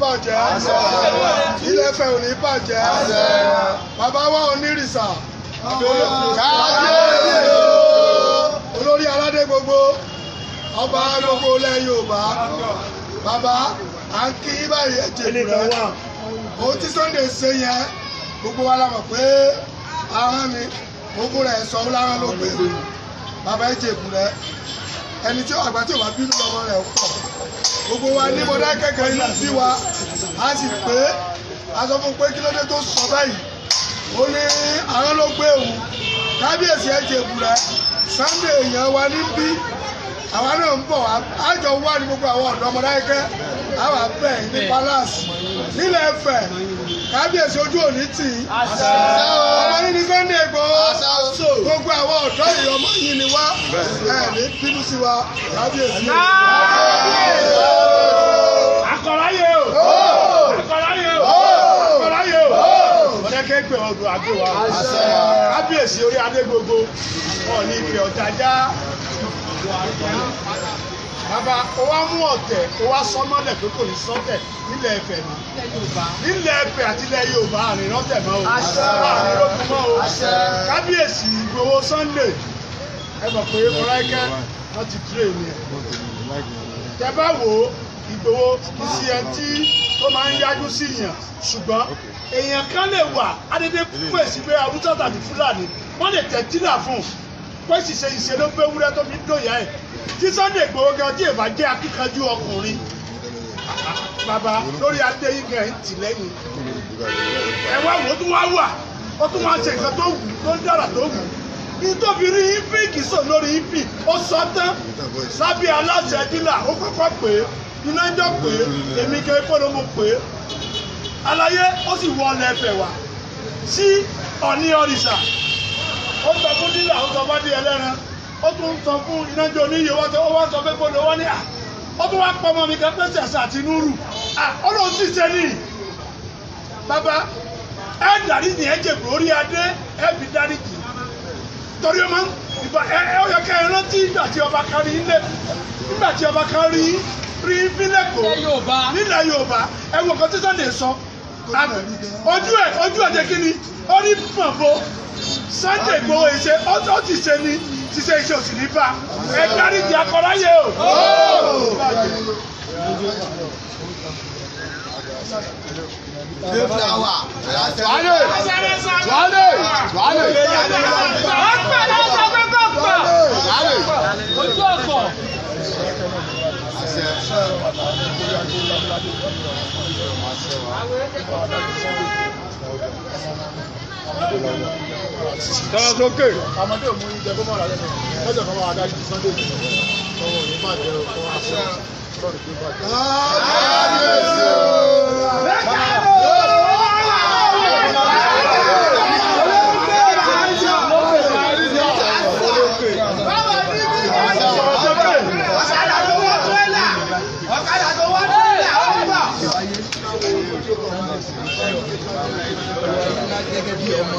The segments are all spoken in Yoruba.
bàjẹ́ ilé ẹfẹ̀ bàbá wa onírìsà káàkiri olórí aládé gbogbo ọba gbogbo ilẹ̀ Yorùbá bàbá yẹn gbogbo mi. gbogbo rẹ̀ sọ lára ló pé bàbá ìjẹ̀bù rẹ̀ ẹni tí àgbà tí ò bá bínú lọ́mọ rẹ̀ pọ̀ gbogbo wa ní mọ́dá kẹ́kẹ́ yìí sí wa a sì pé a sọ fún pé kí ló dé tó sọ báyìí ó ní àwọn ló gbé òun kábíyèsí ìjẹ̀bù rẹ̀ Sunday èèyàn wa ní bí àwa náà ń bọ̀ àjọ wà ní gbogbo àwọn ọ̀dọ́ ọmọdé àwa bẹ̀ ní palace nílẹ̀ Ifẹ̀ kábíyèsí ojú òní tì í ọmọ nínú Sunday Igboho gbogbo àwọn ọ̀dọ́ yìí ọmọ yìí ni wá ẹ̀ ní bínú sí wa kábíyèsí. akọ̀láyé o akọ̀láyé oh. o akọ̀láyé oh. o oh. ọ̀dẹ́kẹ́ pé ọdún àgbè wa kábíyèsí orí adé gbogbo ọ̀ ní ìfẹ́ ọ̀tá já bàbá o wá mú ọ̀tẹ̀ ó wá sọ mọ́lẹ̀ pé kò ní sọ́tẹ̀ nílẹ̀ ẹ̀fẹ̀ ni nílẹ̀ ẹ̀fẹ̀ àti ilẹ̀ Yorùbá àrìnrántẹ̀ mọ́ o àrìnrókun mọ́ o kábíyèsí Ìgbòho Sunday ẹ mọ̀ pé Mọ́lákẹ́ wọ́n ti dúró èmi ẹ̀ tẹ bá wò ó Ìgbòho ìsì ẹ̀ tí tó máa ń yájú sí yàn ṣùgbọ́n èèyàn kan lè wà adédé fèsì pé Haúsá tàbí Fúlàní wọ́n lè tẹ̀ tílà fún un pé ṣìṣe ìṣe ló gbé wúrẹ́ tó fi ń dòyà ẹ̀ tí Sunday Igboho gan tí èèfà jẹ́ akíkanjú ọkùnrin bàbá lórí adéyígan ẹ̀ ń tì lẹ́yìn ẹ wá wò ó tún wá wà ó tún wá ṣe nǹkan tó wù tó dára tó wù nítorí rí ifíìkì sọ lórí ifí ó sọ tán lábẹ́ aláṣẹ dílà ó kọ́kọ́ pé iná jọ pé èmi kẹ́ kọ́nà mo pé àlàyé ó sì wọ ọlẹ́ ẹ̀fẹ̀ wá sí ọ̀ní ọ̀rìṣà ó sọ fún dílà ó sọ fún adé ẹlẹ́ran. ó tún sọ fún ìnájọ oníyè wá sọ ọwụwa wá sọ pé gbọdọ̀ wọ́n ní à ah, ó tún wá pọ́ ọmọ mi kan pèsè àṣà àti à ah, sì ṣe ní bàbá ẹ dáríjì ẹ adé ẹ bí dáríjì torí ọmọ ìgbà ẹ ẹ ó yẹ kẹ ẹ rántí ìgbà tí ọba kan rí ilé tí ọba kan rí rí Yorùbá ẹ wọ Sunday Igboho ìṣe ó ti ṣe ni ṣiṣẹ iṣẹ òsì ní bá ẹ dáríjì akọláyé o. Thank you tọ́lá sókè. àmọ́dé òmù yìí jẹ́ kó mọ̀ra lẹ́nu lọ́jọ́ kan máa dájú sunday yìí tọwọ́ yìí má jẹ́ ọkọ àṣà lọ́rùn tó bá jẹ́. kábíyèsí o. gẹ́gẹ́ bí ọmọ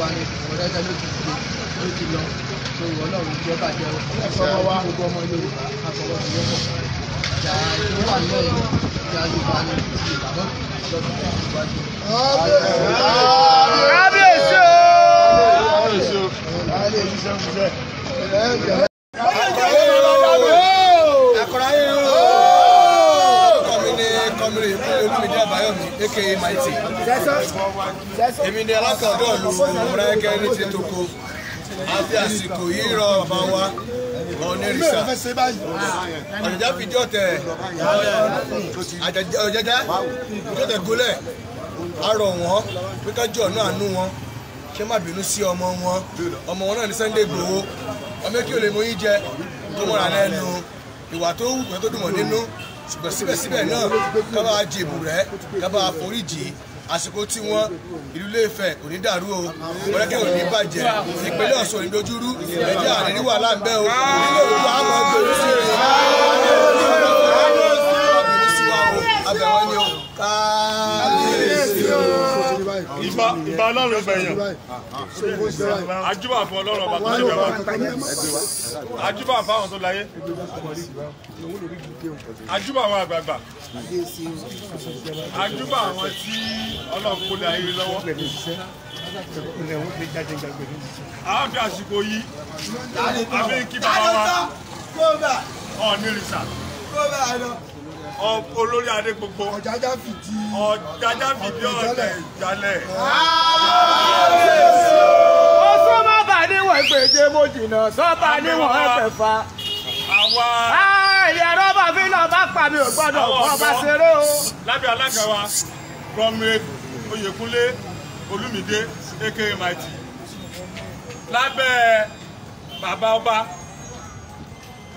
wa ni ọ̀rẹ́ náà ló ti gbé ló ti lọ tó ọlọ́run jẹ́ bàjẹ́ ọmọ wa gbogbo ọmọ yorùbá àfọwọ́ ti lọ́pọ̀ ìjà ìlú wà lẹ́yìn ìjà yorùbá ni ìbàdàn ìjọba ìwájú. kábíyèsí o. kábíyèsí o. kábíyèsí o. aka mighty èmi ni alákọ̀ọ́dọ̀ lu rẹ́gẹ́ ní ti toko àti àsìkò yìí rọ ọba wa onírìṣà àjàjà fìdí ọ̀tẹ̀ àjàjà fìdí ọ̀tẹ̀ gólẹ̀ arọ wọn pé kájọ ọ̀nà àánú wọn ṣé má bínú sí ọmọ wọn ọmọ wọn náà ní Sunday Igboho ọmọ kí o lè mọ yín jẹ tó mọ̀ra lẹ́nu ìwà tó wù pé tó dùn mọ́ nínú ṣùgbọ́n síbẹ̀síbẹ̀ náà kábà jèbù kábà foríjì àsìkò tí wọ́n ìlú Ilé-Ifẹ̀ kò ní dàrú o mọ̀lẹ́kẹ́ ò ní bàjẹ́ ìpínlẹ̀ Ọ̀ṣun ò dojúrú ẹ̀jẹ̀ àríwá láǹbẹ́ o nílò òkú àwọn ọgbẹ́ òṣèlú. ọlọ́run gbẹ̀yàn ajúbà fún ọlọ́run ọba tó ṣe bẹ̀rẹ̀ wá ajúbà fáwọn tó láyé ajúbà àwọn àgbààgbà ajúbà àwọn tí ọlọ́run kó lè ayé lọ́wọ́ àwọn fi àsìkò yìí àfi kí bàbá wa ọ̀nìrìsà olórí adé gbogbo ọ̀jájá fìdí ọ̀jájá fìdí ọ̀tẹ̀ ìjálẹ̀. ọ̀sán má bà níwọ̀n gbèjé mo jìnnà sọ́ba níwọ̀n ẹ̀fẹ̀fà. àwa. ìyá rọ́bà fi náà bá pa mi ò gbọ́dọ̀ fọ́ bá ṣeré o. lábẹ́ alága wa comrade Oyèkúnlé Olúmídé aka Mighty lábẹ́ bàbá ọba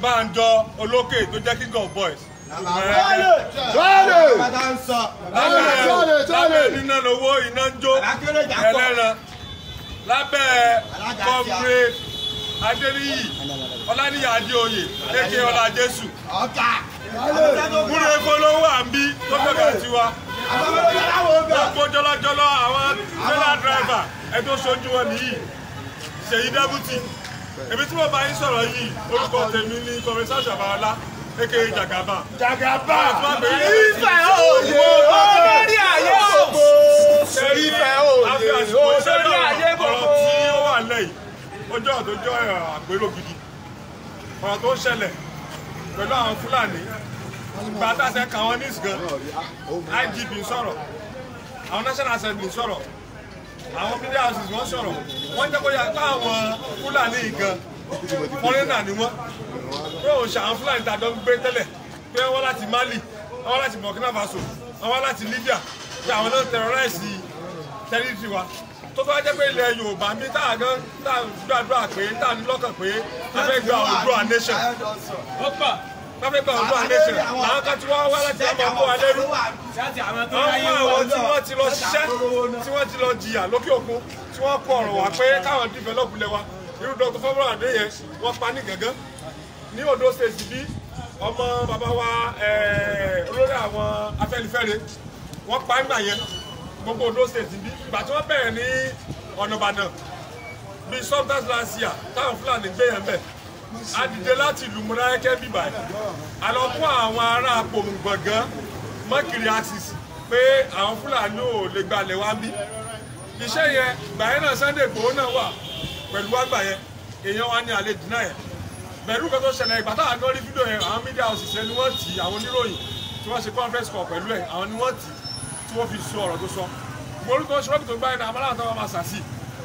Bánjọ olókè tó jẹ́ King of Boys jọ́lẹ̀ jọ́lẹ̀ iná lówó iná ń jó ẹlẹ́ran lábẹ́ comrade adéníyì ọláníyà adéoyè kéèké ọlá jésù múre polówó àmì tó fẹ́ẹ́ tiwa gbogbo jọlọjọlọ àwọn trailer driver ẹ tó ṣojú wọn nìyí ṣèyí dẹ́bùtì èmi tí mo bá yín sọ̀rọ̀ yìí orúkọ tèmi ní kọrin sáṣà bàálá aka jagaba. jagaba ìfẹ́ òye olórí ayé òbò ìfẹ́ òye olórí ayé gbogbo. ọ̀rọ̀ tí ó wà lẹ́yìn ọjọ́ àtọ́jọ́ àgbérò gidi ọ̀rọ̀ tó ń ṣẹlẹ̀ pẹ̀lú àwọn fúlàní gba àtàṣe kàwọn ní ìsìgàn IGP sọ̀rọ̀ àwọn National Assembly sọ̀rọ̀ àwọn media houses wọ́n sọ̀rọ̀ wọ́n jẹ́ kó yà pé àwọn fúlàní gan fọ́nrẹ́nà ni wọ́n pé òun ṣàwọn fúlàní tàjọ ń gbé tẹ́lẹ̀ pé wọ́n láti mali wọ́n láti burkina faso wọ́n láti libya pé àwọn náà tẹ̀rọ̀ráìsì tẹ́rìtì wa tó bá jẹ́ pé ilẹ̀ yorùbá mi tá a gan tá a gbàdúrà pé tá a ní lọ́kàn pé a fẹ́ gba Oòduà nation a nation àwọn kan tí wọ́n wá láti ọmọ ọkọ wa lẹ́rú àwọn àwọn tí wọ́n ti lọ ṣiṣẹ́ tí wọ́n ti lọ jìyà lókè òkun tí wọ́n kọ ọ̀rọ̀ wá pé káwọn dìfẹ́lọ́pù lẹ́wà irú dọ́kọ̀ fọ́mọ́ràn àdéyẹ wọ́n pa ní gángan ní Ondo state bí ọmọ bàbá wa eh, olórí àwọn Afẹ́nifẹ́re wọ́n pa ńgbà yẹn gbogbo Ondo state bí ìgbà tí wọ́n bẹ̀rẹ̀ ní ọ̀nà Ìbàdàn sometimes last year táwọn Fúlàní gbé yẹn bẹ̀ a dìde láti ìlú Mọ́dákẹ́kẹ́ bíbá yìí a lọ fún àwọn ará Apòmùgbọ̀ngán mọ́kìrì axis pé àwọn Fúlàní ò lè gbalẹ̀ wá bí iṣẹ́ yẹn gbàyẹn náà Sunday Igboho náà wà pẹ̀lú wá gbàyẹn èèyàn wa ní àlejò náà yẹn bẹ̀rù kan tó ṣẹlẹ̀ ìgbà táwọn gan rí fídíò yẹn àwọn mídíà òṣìṣẹ́ ni wọ́n tì í àwọn oníròyìn tí wọ́n ṣe conference call pẹ̀lú ẹ̀ àwọn ni wọ́n tì í tí wọ́n fi sọ ọ̀rọ̀ tó sọ gbórúkọ ṣọ́ọ̀bù tó gbá yẹn àmọ́ láwọn táwọn máa ṣàṣì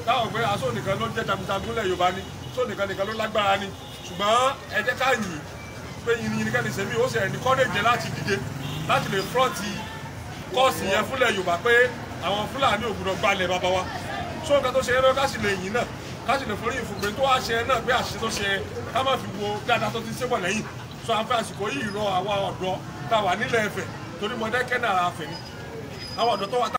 táwọn pé aṣọ ah, nìkan ló jẹ́ jagunjagun lẹ̀ Yorùbá ni aṣọ nìkan nìkan ló lágbára ni ṣùgbọ́n ẹ jẹ́ ká yìn pé yìnyín nìkan ní sèmi ó sì ẹni kọ́lẹ́jẹ láti dìde láti lè fúrọ́ǹtì kọ́ọ̀sì yẹn fúnlẹ̀ Yorùbá pé àwọn Fúlàní ògùnà gbalẹ̀ bàbá wa ṣó nǹkan tó ṣe é lọ́wọ́ ká sì lè yìn náà ká forí ìfúnpẹ́ tó wá náà pé àṣìṣe tó ṣe ká má fi wo dáadáa tó ti ṣe bọ̀ lẹ́yìn sọ afẹ́ àsìkò yìí rọ àwa ọ̀dọ́ tá a wà nílẹ̀ Ifẹ̀ torí Mọdákẹ́kẹ́ náà àfẹ́ ni àwọn ọ̀dọ́ tó wà